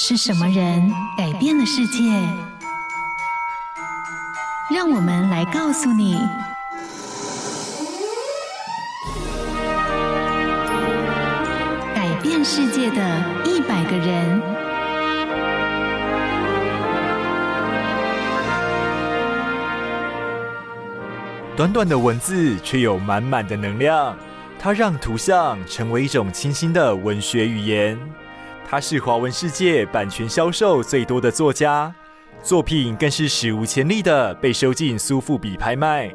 是什麼人改變了世界？讓我們來告訴你：改變世界的一百個人。短短的文字卻有滿滿的能量，它讓圖像成為一種清新的文學語言。他是華文世界版權銷售最多的作家，作品更是史無前例的被收進蘇富比拍賣。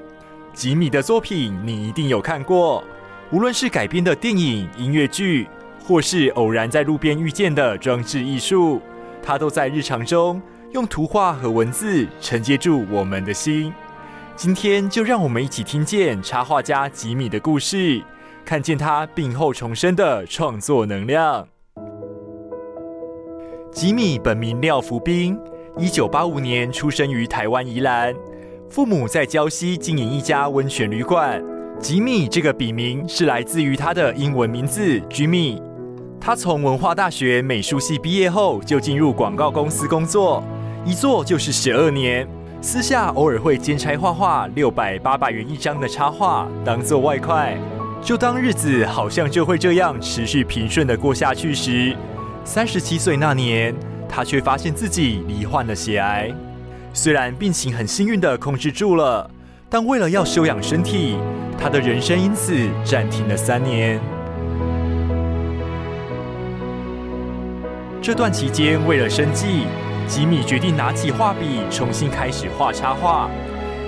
幾米的作品你一定有看過，無論是改編的電影、音樂劇，或是偶然在路邊遇見的裝置藝術，他都在日常中用圖畫和文字承接住我們的心。今天就讓我們一起聽見插畫家幾米的故事，看見他病後重生的創作能量。幾米本名廖福斌，一九八五年出生於台灣宜蘭，父母在礁溪經營一家溫泉旅館。幾米這個筆名是來自於他的英文名字 Jimmy。他從文化大學美術系畢業後，就進入廣告公司工作，一做就是十二年。私下偶爾會兼差畫畫，六百八百元一張的插畫，當做外快。就當日子好像就會這樣持續平順的過下去時，三十七歲那年，他卻發現自己罹患了血癌。雖然病情很幸運的控制住了，但為了要休養身體，他的人生因此暫停了三年。這段期間，為了生計，幾米決定拿起畫筆，重新開始畫插畫。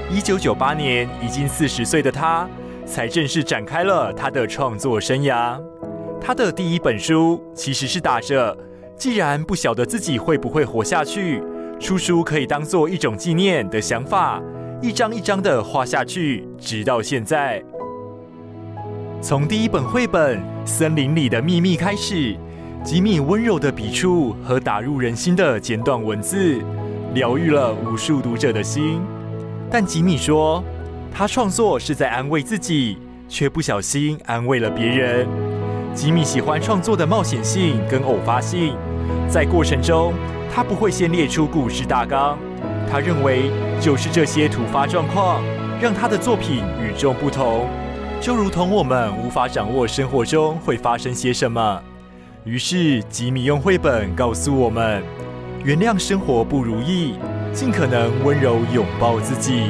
一九九八年，已經四十歲的他，才正式展開了他的創作生涯。他的第一本書其實是打着“既然不曉得自己會不會活下去，出書可以當做一種紀念”的想法，一張一張的畫下去，直到現在。從第一本繪本《森林裡的秘密》開始，幾米溫柔的筆觸和打入人心的簡短文字，療癒了無數讀者的心。但幾米說，他創作是在安慰自己，卻不小心安慰了別人。幾米喜歡創作的冒險性跟偶發性，在過程中他不會先列出故事大綱，他認為就是這些突發狀況讓他的作品與眾不同，就如同我們無法掌握生活中會發生些什麼，於是幾米用繪本告訴我們，原諒生活不如意，盡可能溫柔擁抱自己。